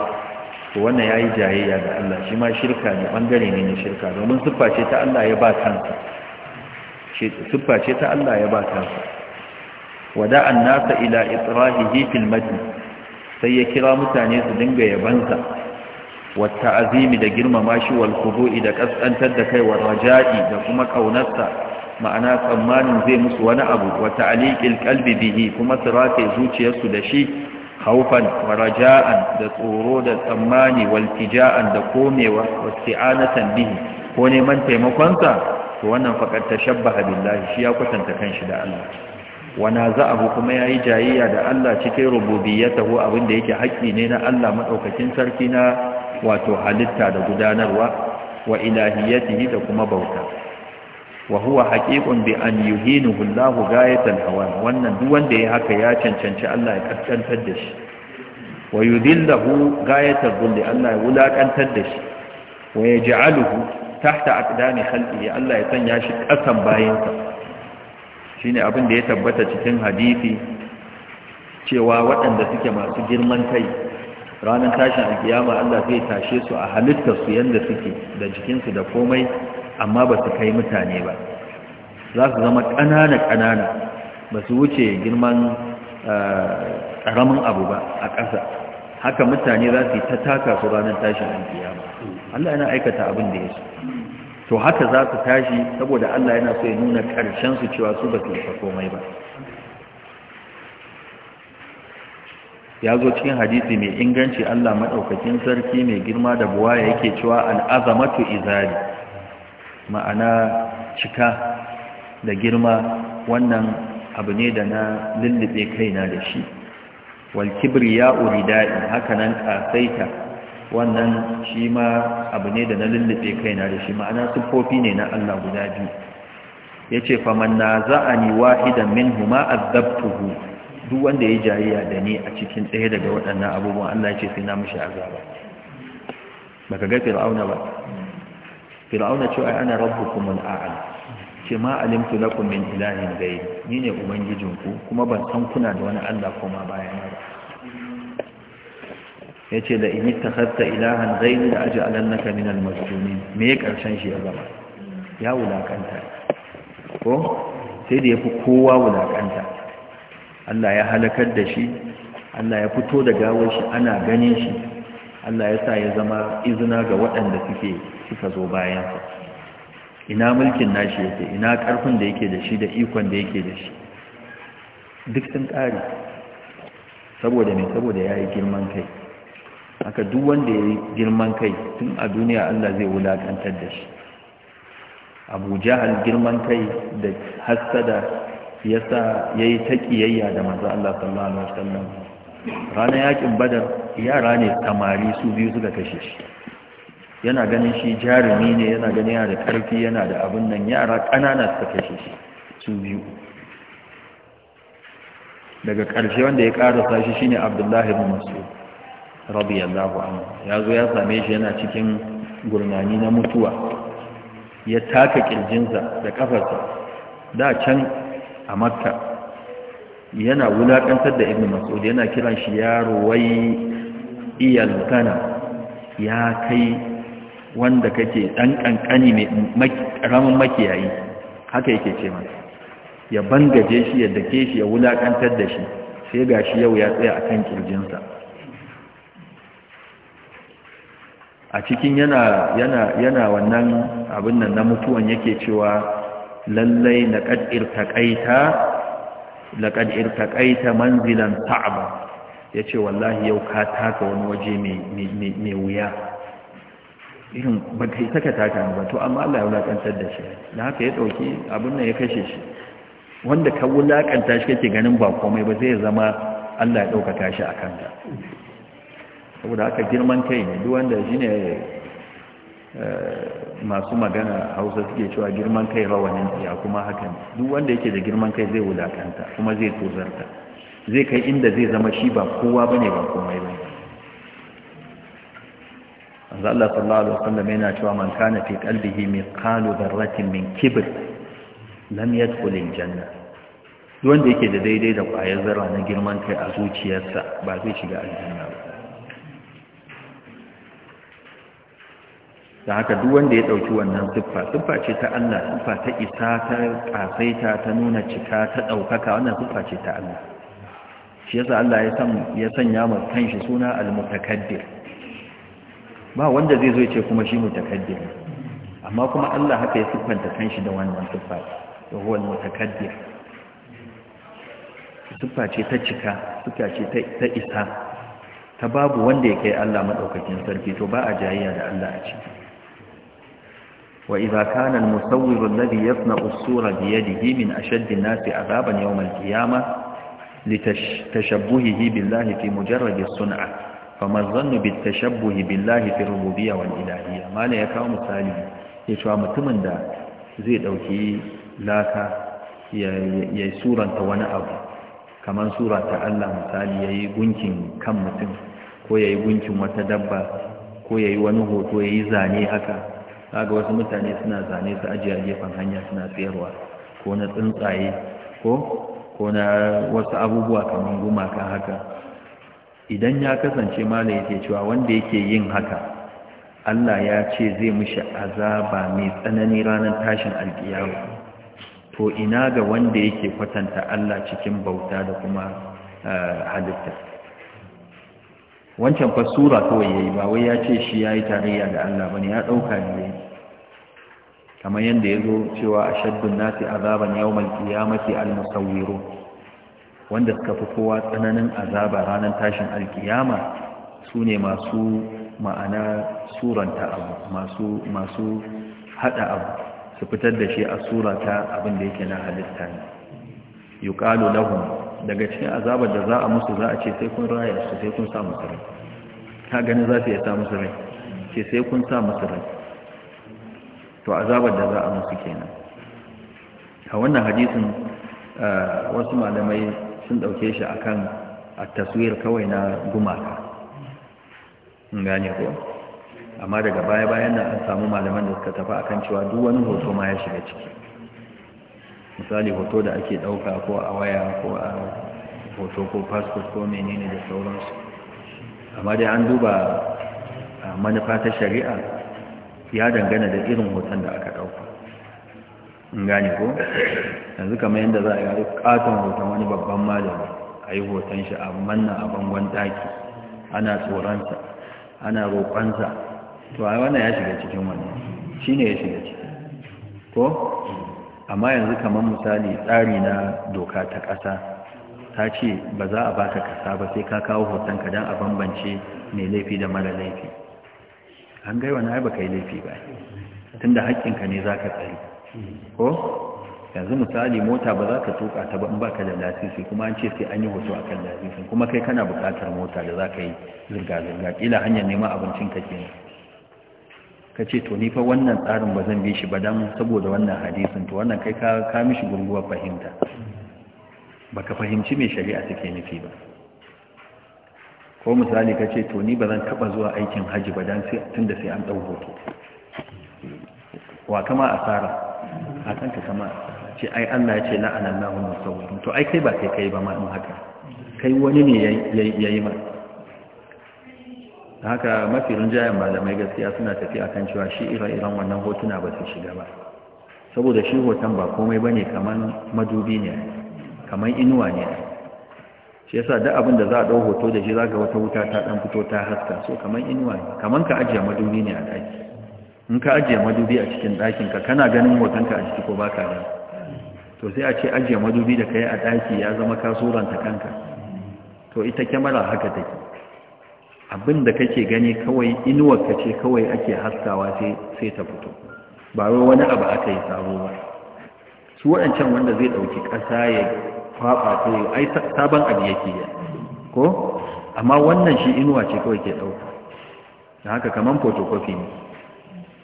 to wannan ya yi jayayya da Allah shi ma shirka ne bangare ne na shirka domin siffa ce ta Allah ya ba kansa siffa ce ta Allah ya ba kansa wada'an nasa ila itrahihi fil madin sai ya kira mutane su dinga yabansa wata azimi da girmama shi wal kudu'i da kaskantar da kai wa raja'i da kuma kaunarsa ma'ana tsammanin zai musu wani abu wata aliƙil kalbi bihi kuma su rataye zuciyarsu da shi haufan wa raja'an da tsoro da tsammani waltija'an da komewa na bihi ko neman taimakonsa to wannan faqad tashabbaha billahi shi ya kwatanta kanshi da Allah wana za'ahu kuma yayi jayayya da Allah cikin rububiyyatahu abinda yake haƙi ne na Allah madaukakin sarki na wato halitta da gudanarwa wa ilahiyatihi da kuma bauta wa huwa haqiqun bi an yuhinuhu Allahu gayatan hawan wannan duk wanda yayi haka ya cancanci Allah ya kaskantar da shi wa yudillahu gayatan Allah ya wulakantar da shi wa yaj'aluhu tahta aqdami khalqihi Allah ya sanya shi kasan bayinsa shine abin da ya tabbata cikin hadisi cewa waɗanda suke masu girman kai ranar tashin alkiyama Allah zai tashe su a halittar su yanda suke da jikinsu da komai amma ba su kai mutane ba za su zama ƙanana ƙanana ba su wuce girman eh, ƙaramin abu ba a ƙasa haka mutane za su yi ta taka su ranar tashin alkiyama Allah yana aikata abin da ya so to haka za su tashi saboda Allah yana so ya nuna ƙarshen su cewa su ba su isa komai ba ya zo cikin hadisi mai inganci Allah maɗaukakin sarki mai girma da buwa yake cewa al'azamatu izari ma'ana cika da girma wannan abu ne da na lullube kaina da shi walkibri ya urida'i haka nan saita. wannan shi ma abu ne da na lullube na da shi ma'ana siffofi ne na Allah guda biyu ya ce faman na za'ani wahidan min huma azabtuhu duk wanda ya yi jayayya da ni a cikin ɗaya daga waɗannan abubuwan Allah ya ce sai na mishi azaba baka ga fir'auna ba fir'auna ce ai ana rabbukum al'a'al ce ma alimtu lakum min ilahin ghayri ni ne ubangijinku kuma ban san kuna da wani Allah koma bayan ba ya ce da ini ta hatta ilahan zaini da aji alannaka minal masjuni me ya karshen shi ya zama ya wulakanta ko sai da ya fi kowa wulaƙanta. Allah ya halakar da shi Allah ya fito da gawar shi ana ganin shi Allah ya sa ya zama izina ga waɗanda suke suka zo bayansa ina mulkin nashi yake ina ƙarfin da yake da shi da ikon da yake da shi duk sun ƙari saboda mai saboda ya yi girman kai haka duk wanda ya yi girman kai tun a duniya Allah zai wulakantar da shi abu jahal girman kai da hassada ya sa ya yi ta ƙiyayya da maza Allah sallallahu alaihi wasallam ranar yakin badar yara ne samari su biyu suka kashe shi yana ganin shi jarumi ne yana ganin yana da ƙarfi yana da abin nan yara ƙanana suka kashe shi su biyu daga ƙarshe wanda ya ƙarasa shi shine Abdullahi ibn Mas'ud radiyallahu anhu ya zo ya same shi yana cikin gurmani na mutuwa ya taka kirjinsa da kafarsa da can a makka yana wulaƙantar da ibn mas'ud yana kiran shi yaro wai kana ya kai wanda kake dan kankani mai karamin makiyayi haka yake ce masa ya bangaje shi ya dake shi ya wulakantar da shi sai gashi yau ya tsaya akan kirjinsa a cikin yana yana yana wannan abin nan na mutuwan yake cewa lallai laqad irtaqaita laqad irtaqaita manzilan ta'ba yace wallahi yau ka taka wani waje mai mai wuya irin ba kai saka taka ba to amma Allah ya wulakantar da shi dan haka ya dauki abin nan ya kashe shi wanda ka wulakanta shi kake ganin ba komai ba zai zama Allah ya dauka shi akan ka saboda haka girman kai ne duk wanda shi ne eh, masu magana hausa suke cewa girman kai rawanin ya kuma hakan duk wanda yake da girman kai zai wulakanta kuma zai tozarta zai kai inda zai zama shi ba kowa bane ba komai bane manzo Allah sallallahu alaihi wasallam yana cewa man kana fi da mithqalu dharratin min kibr lam yadkhul janna. duk wanda yake da daidai da kwayar zarra na girman kai a zuciyarsa ba zai shiga aljanna ba da haka duk wanda ya ɗauki wannan siffa siffa ce ta Allah siffa ta isa ta ƙasaita ta nuna cika ta ɗaukaka wannan siffa ce ta Allah shi yasa Allah ya san ya sanya mu kanshi suna al-mutakaddir ba wanda zai zo ya ce kuma shi mutakaddir amma kuma Allah haka ya siffanta kanshi da wannan siffa to huwa al-mutakaddir siffa ce ta cika siffa ce ta isa ta babu wanda ya kai Allah madaukakin sarki to ba a jayayya da Allah a ciki وإذا كان المصور الذي يصنع الصورة بيده من أشد الناس عذابا يوم القيامة لتشبهه بالله في مجرد الصنعة فما الظن بالتشبه بالله في الربوبية والإلهية ما لا يكاو مثالي يشوى متمن دا زي دوكي لاكا يي سورة وانا أبو كمان سورة تألا مثالي يي gunkin kan mutum ko yayi gunkin wata dabba ko yayi wani hoto yayi zane kaga wasu mutane suna zane su ajiye a gefen hanya suna tsayarwa ko na tsuntsaye ko ko na wasu abubuwa kamar gumaka haka idan ya kasance mala yake cewa wanda yake yin haka Allah ya ce zai mishi azaba mai tsanani ranar tashin alkiyawa to ina ga wanda yake kwatanta Allah cikin bauta da kuma eh, halitta wancan fa sura kawai yayi ba wai ya ce shi ya yi tarayya da Allah bane ya ɗauka ne Kamar kamar ya zo cewa ashaddun nasi azaban yawmal qiyamati al-musawwirun wanda suka fi kowa tsananin azaba ranar tashin alkiyama su ne masu ma'ana suranta abu masu masu abu su fitar da shi a surata abin da yake na halitta ne yuqalu lahum daga cikin azabar da za a musu za a ce sai kun raya su sai kun sa musu rai ta gani za su iya sa musu rai ce sai kun sa musu rai to azabar da za a musu kenan a wannan hadisin wasu malamai sun ɗauke shi akan a taswir kawai na gumaka in gane ko amma daga baya-bayan nan an samu malaman da suka tafi akan cewa duk wani hoto ma ya shiga ciki misali hoto da ake ɗauka ko a waya ko a hoto ko passport ko menene da sauransu amma dai an duba manufa ta shari'a ya dangana da irin hoton da aka ɗauka in gane ko yanzu kamar yadda za a yi katon hoton wani babban malami a yi hoton shi a manna a bangon daki ana tsoronsa ana roƙonsa to a wannan ya shiga cikin wannan shi ne ya shiga cikin ko amma yanzu kamar misali tsari na doka ta ƙasa ta ce ba za a baka ƙasa ba sai ka kawo hotonka don a bambance mai laifi da mara laifi an gaiwa na ba ka yi laifi ba tun da haƙƙinka ne za ka tsari ko yanzu misali mota ba za ka tuka ta ba in baka da lasisi kuma an ce sai an yi hoto akan lasisi kuma kai kana buƙatar mota da za ka yi zirga-zirga ƙila hanyar neman abincin ka kenan ka ce to ni fa wannan tsarin ba zan bi shi ba dan saboda wannan hadisin to wannan kai ka ka mishi gurguwar fahimta baka fahimci mai shari'a take nufi ba ko misali ka ce to ni ba zan taba zuwa aikin haji ba dan sai tunda sai an dau hoto wa kama asara a kanka kama ce ai Allah ya ce la'anallahu musawwir to ai kai ba kai kai ba ma in haka kai wani ne yayi ma haka mafi rinjayen malamai gaskiya suna tafi akan cewa shi ira-iran wannan hotuna ba su shiga ba saboda shi hoton ba komai ba ne kamar madubi ne kamar inuwa ne shi yasa duk abin da za a ɗau hoto da shi za ga wata wuta ta ɗan fito ta haska so kamar inuwa ne kamar ka ajiye madubi ne a ɗaki in ka ajiye madubi a cikin ɗakinka kana ganin hotonka a ciki ko ba ka to sai a ce ajiye madubi da ka yi a ɗaki ya zama kasuranta kanka to ita kyamara haka take abin da kake gani kawai inuwarka ce kawai ake haskawa sai ta fito ba wai wani abu aka yi sabo ba su waɗancan wanda zai ɗauki ƙasa ya faɗa ko ai sabon abu yake yi ko amma wannan shi inuwa ce kawai ke ɗauka da haka kamar photocopy ne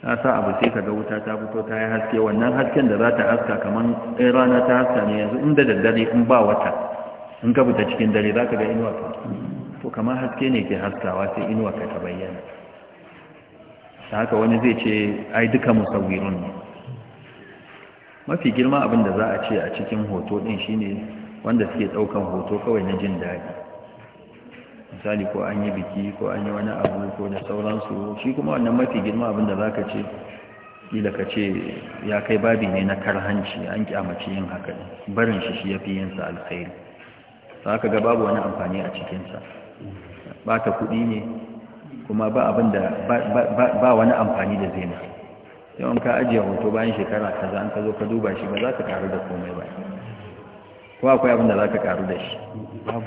ta sa abu sai ka ga wuta ta fito ta yi haske wannan hasken da za ta haska kamar ɗaya rana ta haska ne yanzu inda daddare in ba wata in ka fita cikin dare za ka ga inuwa ka to kama haske ne ke haskawa sai inuwa ka ta bayyana ta haka wani zai ce ai duka musawirun ne mafi girma abin da za a ce a cikin hoto din shine wanda suke daukan hoto kawai na jin daɗi misali ko an yi biki ko an yi wani abu ko da sauransu shi kuma wannan mafi girma abin da za ka ce ka ce ya kai babi ne na karhanci an kyamaci yin haka barin shi shi ya fi yinsa alkhairi za ka ga babu wani amfani a cikinsa bata kuɗi ne kuma ba abin da ba wani amfani da zai na yawan ka ajiye hoto bayan shekara ka an ka zo ka duba shi ba za ka karu da komai ba ko akwai abin da za ka karu da shi ba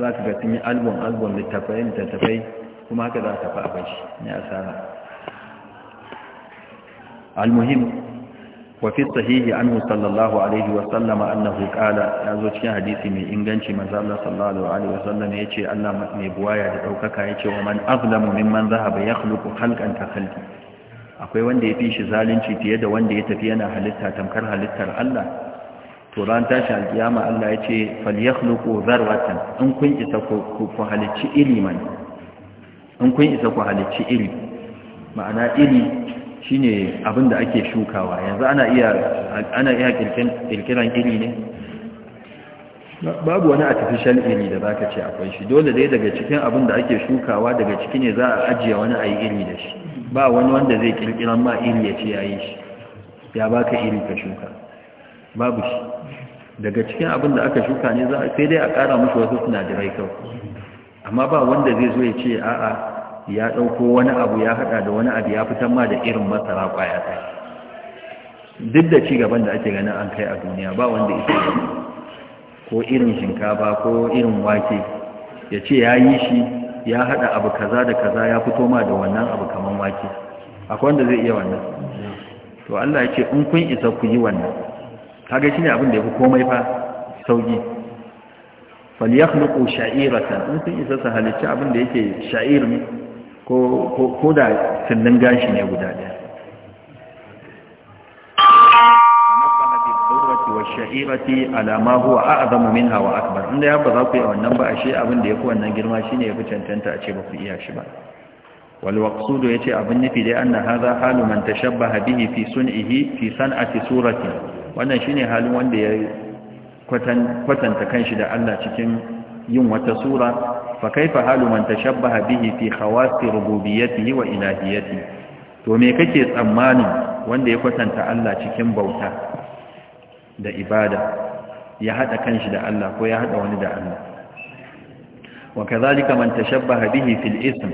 za ka ga sun albon albon album littafai littattafai kuma haka za ka fa'a abin shi ne al almuhim وفي الصحيح عنه صلى الله عليه annahu أنه قال يازو cikin hadisi mai inganci manzo Allah sallallahu alaihi wasallam yace Allah mai buwaya da daukaka yace wa man azlamu mimman zahaba yakhluqu khalqan ka khalqi akwai wanda ya fi shi zalunci fiye da wanda ya tafi yana halitta tamkar halittar Allah to ran tashi alkiyama Allah yace falyakhluqu zarwatan in kun isa ku halicci iri man in kun isa ku halicci iri ma'ana iri shi ne da ake shukawa yanzu ana iya ana iya kirkiran iri ne babu wani artificial iri da zaka ce akwai shi dole dai daga cikin abinda da ake shukawa daga ciki ne za a ajiye wani ayi iri da shi ba wani wanda zai kirkiran ma iri ya ce yayi shi ya baka iri ka shuka babu shi daga cikin abinda da aka shuka ne sai dai a ƙara musu wasu sinadarai kawai amma ba wanda zai zo ya ce a'a ya ɗauko wani abu ya haɗa da wani abu ya fitar ma da irin masara ƙwaya ta duk da ci gaban da ake ganin an kai a duniya ba wanda ita ko irin shinkafa ko irin wake ya ce ya yi shi ya haɗa abu kaza da kaza ya fito ma da wannan abu kamar wake akwai wanda zai iya wannan to Allah ya ce in kun isa ku yi wannan kaga shine abin da yafi komai fa sauki falyakhluqu sha'iratan in kun isa su halicci abin da yake sha'ir ne ko da sannan gashi ne guda ɗaya sha'irati alama huwa a'zamu minha wa akbar inda ya ba za ku yi wannan ba ashe abin da fi wannan girma shine yafi cancanta a ce ba ku iya shi ba wal ya ce abin nufi dai anna hadha halu man tashabbaha bihi fi sun'ihi fi san'ati surati wannan shine halin wanda ya kwatanta kanshi da Allah cikin yin wata sura fa kaifa halu man tashabbaha bihi fi khawasi rububiyyatihi wa ilahiyyatihi to me kake tsammanin wanda ya kwatanta Allah cikin bauta da ibada ya hada kanshi da Allah ko ya hada wani da Allah wa kadhalika man tashabbaha bihi fil ism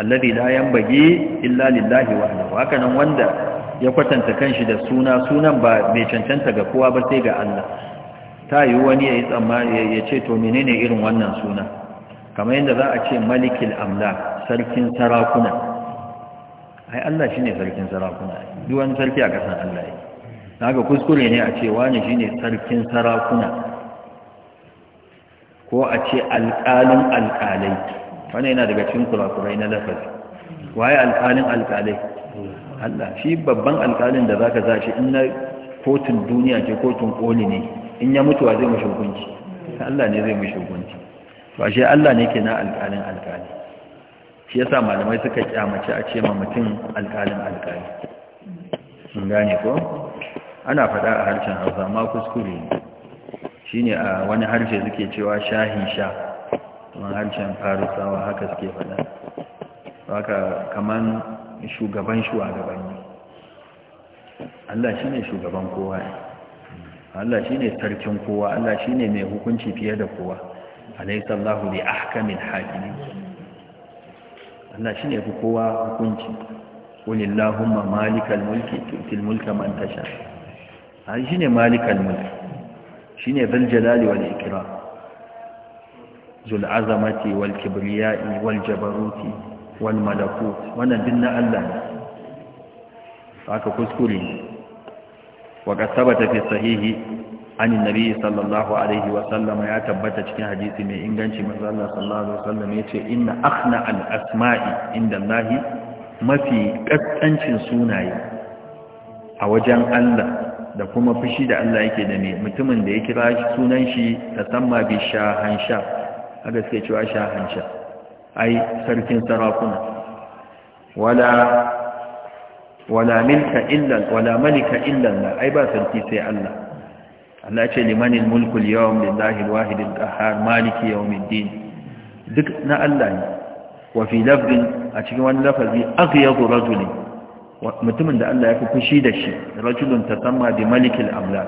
alladhi la yanbaghi illa lillahi wahdahu haka nan wanda ya kwatanta kanshi da suna sunan ba mai cancanta ga kowa ba sai ga Allah ta yi wani ya yi tsammani ya ce to menene irin wannan suna kamar yadda za a ce malikil amla sarkin sarakuna ai Allah shine sarkin sarakuna duk wani sarki a kasan Allah yake naga kuskure ne a ce wani shine sarkin sarakuna ko a ce alƙalin alƙalai wani yana daga cikin kurakurai na lafazi waye alƙalin alƙalai Allah shi babban alƙalin da zaka za shi in na kotun duniya ce kotun koli ne in ya mutuwa zai mashi hukunci Allah ne zai mashi hukunci ba Allah ne ke na alƙalin alƙali shi yasa malamai suka kyamace a ce ma mutum alƙalin alƙali sun gane ko ana faɗa a harshen hausa ma kuskure ne shi ne a wani harshe suke cewa shahin sha kamar harshen farisawa haka suke faɗa haka kamar shugaban gaban ne Allah shi ne shugaban kowa Allah shi ne sarkin kowa Allah shi ne mai hukunci fiye da kowa alaysa Allahu bi ahkamil hakimin Allah shine yafi kowa hukunci qul illahumma malikal mulki tu'til mulka man tasha ai shine malikal mulki shine bil jalali wal ikram zul azamati wal kibriyai wal jabaruti wal malakut wannan dinna Allah haka kuskure وقد ثبت في sahihi. عن النبي صلى الله عليه وسلم يا تبتت في حديث من إنجانش من الله صلى الله عليه وسلم يتي Al-Asma'i inda عند الله ما في قسطنش سوناي أوجان da kuma fushi da Allah yake da ne mutumin da ya kira shi sunan shi ta samma bi shahansha haka suke cewa shahansha ai sarkin sarakuna wala wala milka illa wala malika illa Allah ai ba sarki sai Allah Allah ce limanin mulkul yawon lillahi wahidin ƙahar maliki yawon din duk na Allah ne wa fi lafzin a cikin wani lafazi aghyadu rajuli mutumin da Allah ya fi kushi da shi rajulun tasamma bi malikil amla.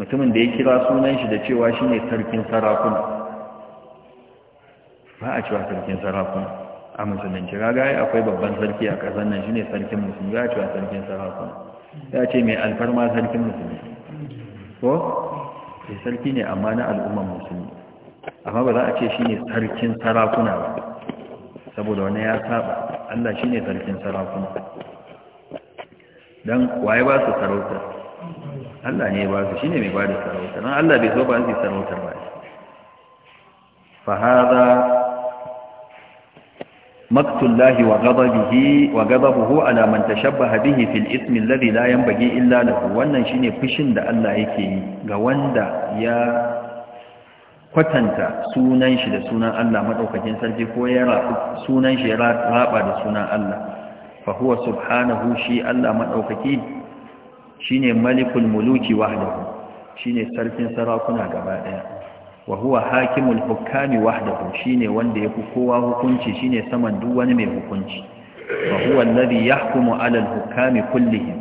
mutumin da ya kira sunan shi da cewa shine sarkin sarakuna ba a cewa sarkin sarakuna a musulunci ragaye akwai babban sarki a ƙasar nan shine sarkin musulmi ya cewa sarkin sarakuna ya ce mai alfarma sarkin musulmi ko eh, sarki ne amma na al'umman musulmi amma ba za a ce shine sarkin sarakuna ba saboda wani ya saba Allah shine sarkin sarakuna dan waye ba su sarauta Allah ne ba su shine mai ba da sarauta dan Allah bai so ba su sarautar ba fa hada maktullahi wa ghadabihi wa ghadabuhu ala man tashabbaha bihi fil ismi alladhi la illa lahu wannan shine fushin da Allah yake yi ga wanda ya kwatanta sunan shi da sunan Allah madaukakin sarki ko ya sunan shi ya raba da sunan Allah fa huwa subhanahu shi Allah madaukaki shine malikul muluki wahdahu shine sarkin sarakuna gaba daya wa huwa hakimul hukami wahdahu shine wanda yafi kowa hukunci shine saman duk wani mai hukunci wa huwa alladhi yahkumu ala al-hukami kullihim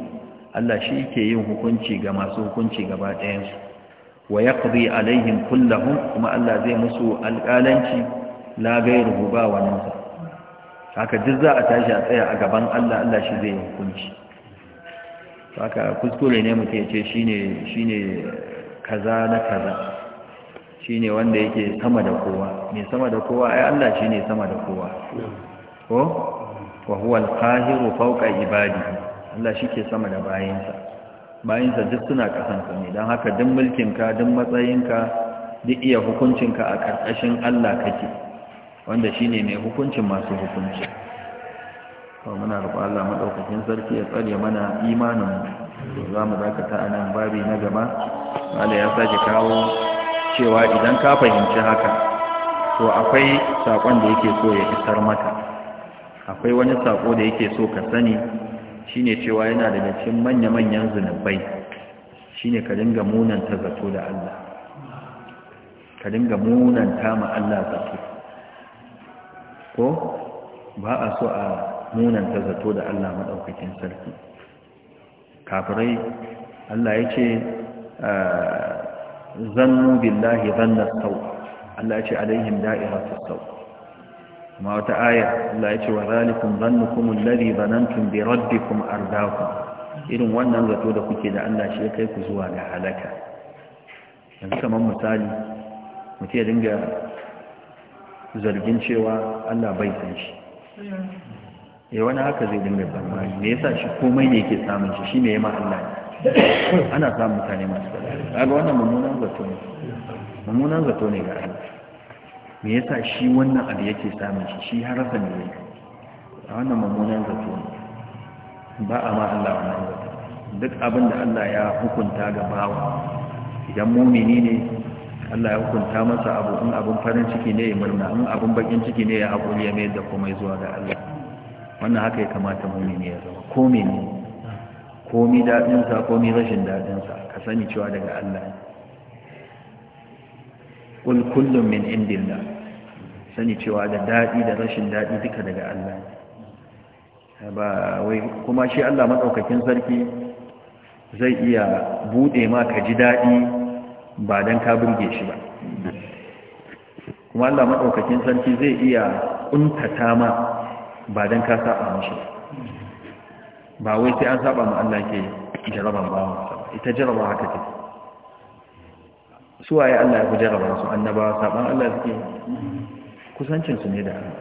Allah shi yake yin hukunci ga masu hukunci gaba ɗayan su wa yaqdi alaihim kullahum kuma Allah zai musu alƙalanci la ghayruhu ba wannan haka duk za a tashi a tsaya a gaban Allah Allah shi zai yi hukunci haka kuskure ne muke ce shine shine kaza na kaza Shi ne wanda yake sama da kowa mai sama da kowa ai Allah shi ne sama da kowa ko wa huwa al-qahiru fawqa ibadihi Allah ke sama da bayinsa bayinsa duk suna kasansa ne dan haka duk mulkin ka duk matsayin ka duk iya hukuncin ka a karkashin Allah kake wanda shi ne mai hukuncin masu hukunci to muna roƙo Allah madaukakin sarki ya tsare mana imanin mu za mu a nan babi na gaba Allah ya sake kawo cewa idan ka fahimci haka to akwai sakon da yake so ya isar maka akwai wani sako da yake so ka sani shine cewa yana daga cikin manya-manyan zunubai shine ka dinga munanta zato da Allah ka dinga munanta ma Allah zato ko ba a so a munanta zato da Allah madaukakin sarki kafirai Allah ya ce ah, zannu billahi zanna sau Allah ya ce alaihim da'iratu sau kuma wata aya Allah ya ce wa zalikum zannukum alladhi zanantum bi rabbikum ardaakum irin wannan zato da kuke da Allah shi ya kai ku zuwa ga halaka yanzu kamar misali mutum ya dinga zargin cewa Allah bai san shi ya hmm. eh, wani haka zai dinga tsammani me yasa shi komai ne yake samun shi shi ne ya ma Allah ne ana samun mutane masu tsada ga wannan mummunan zato ne mummunan zato ne ga Allah me yasa shi wannan abu yake samun shi shi har rasa ne a wannan mummunan zato ne ba a ma Allah wannan zato duk abin da Allah ya hukunta ga bawa idan mumini ne Allah ya hukunta masa abu in abin farin ciki ne ya murna in abin bakin ciki ne ya haƙuri ya mayar da komai zuwa ga Allah wannan haka ya kamata mumini ya zama ko menene komi daɗinsa komi rashin daɗinsa ka sani cewa daga Allah kul kullum min indillah sani cewa da daɗi da rashin daɗi duka daga Allah ba wai kuma shi Allah maɗaukakin sarki zai iya buɗe ma ka ji daɗi ba don ka burge shi ba kuma Allah maɗaukakin sarki zai iya ƙuntata ma ba don ka sa mashi ba ba wai sai an saba ma Allah ke jaraban bawa ita jaraba haka take su waye Allah ya fi jaraba su annabawa saban Allah suke kusancin su ne da Allah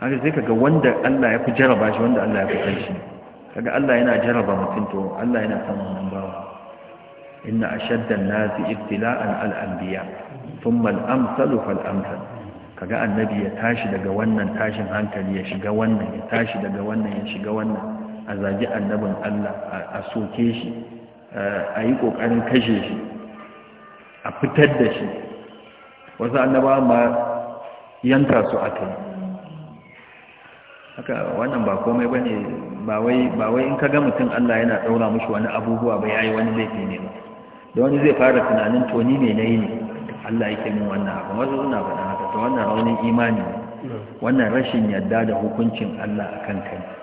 haka sai kaga wanda Allah ya fi jaraba shi wanda Allah ya fi san shi kaga Allah yana jaraba mutum to Allah yana san wannan bawa inna ashadda an-nasi ibtila'an al-anbiya thumma al-amsalu fal-amsal kaga annabi ya tashi daga wannan tashin hankali ya shiga wannan ya tashi daga wannan ya shiga wannan a zagi annabin Allah a soke shi a yi ƙoƙarin kashe shi a fitar da shi wasu annaba ma yanka su a kai. haka wannan ba komai ba ne ba wai in ka ga mutum Allah yana ɗaura mushi wani abubuwa ba ya yi wani laifi ne ba da wani zai fara tunanin toni ne na yi ne Allah yake min wannan abu wasu suna faɗa haka ta wannan raunin imani wannan rashin yadda da hukuncin Allah a kan kai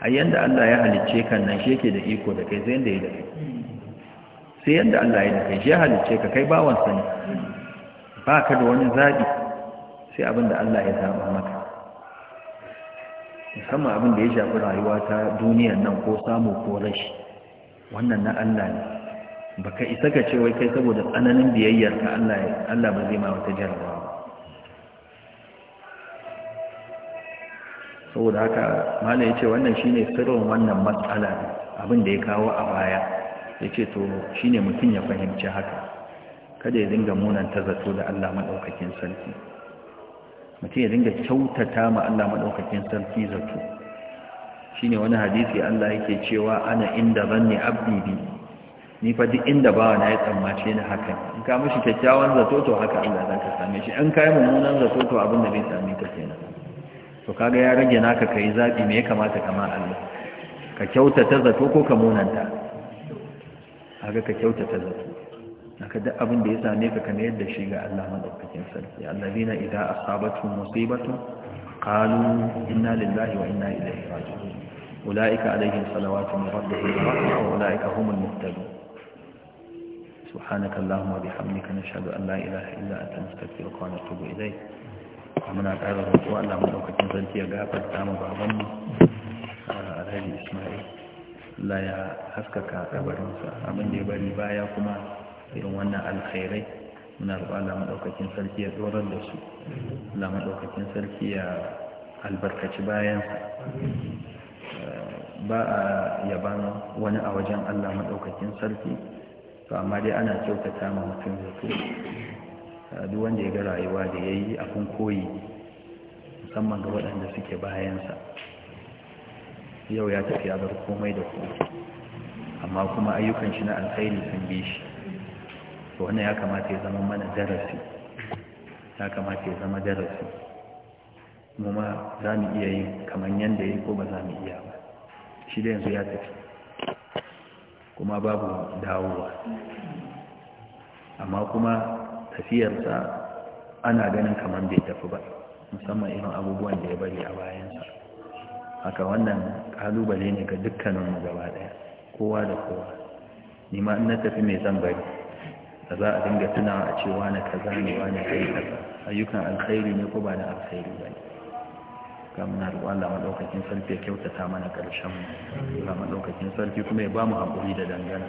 a yanda Allah ya halicce kan nan shi yake da iko da kai sai yanda ya da sai yanda Allah ya da kai shi ya halicce ka kai bawan sa ba ka da wani zabi sai abin da Allah ya zama maka musamman abin da ya shafi rayuwa ta duniyar nan ko samu ko rashi wannan na Allah ne baka isa ka ce wai kai saboda tsananin biyayyar ka Allah Allah ba zai ma wata jarabawa saboda haka malam ya ce wannan shine sirrin wannan matsala abin da ya kawo a baya ya ce to shi ne mutum ya fahimci haka kada ya dinga munanta zato da Allah maɗaukakin sarki mutum ya dinga kyautata ma Allah maɗaukakin sarki zato shine wani hadisi Allah yake cewa ana inda zan abdi abdibi ni fa duk inda bawa na ya tsammace ni haka in ka mishi kyakkyawan zato to haka Allah ka same shi an kai mummunan zato to abin da bai same ka kenan to kaga ya rage naka kai zabi me ya kamata kama Allah ka kyautata zato ko ka munanta kaga ka kyautata zato haka duk abin da ya same ka kana yadda shi ga Allah madaukakin sarki allazina idza asabatuhum musibatun qalu inna lillahi wa inna ilaihi raji'un ulaika alaihim salawatu min rabbihim wa rahmah wa ulaika humul muhtadun سبحانك اللهم وبحمدك نشهد أن لا إله إلا أنت نستغفرك ونتوب إليك muna ƙara roƙo Allah maɗaukacin ɗaukakin sarki ya gafarta mu babanmu rari ah, Ismail Allah ya haskaka kabarinsa abin da ya bari baya kuma irin wannan alkhairai muna roƙo Allah mu ɗaukakin sarki ya tsorar da su Allah sarki ya albarkaci bayansa ah, ba a yaban wani a wajen Allah maɗaukacin sarki to amma dai ana kyautata ma mutum zato duk wanda ya ga rayuwa da ya yi abin koyi musamman ga waɗanda suke bayansa yau ya tafi bar komai da ku amma kuma ayyukan shi na alkhairi sun bi shi to wannan ya kamata ya zama mana darasi ya kamata ya zama darasi kuma za mu iya yin kamar yadda ya yi ko ba za mu iya ba shi da yanzu ya tafi kuma babu dawowa amma kuma tafiyarsa ana ganin kamar bai tafi ba musamman irin abubuwan da ya bari a bayansa haka wannan kalubale ne ga dukkaninmu gaba daya kowa da kowa nima in na tafi mai zan bari da za a dinga tunawa a cewa na kaza ne wani kai kaza ayyukan alkhairi ne ko ba na alkhairi ba ne kamar Allah madaukakin sarki ya kyautata mana karshen mu Allah madaukakin sarki kuma ya ba mu haƙuri da dangana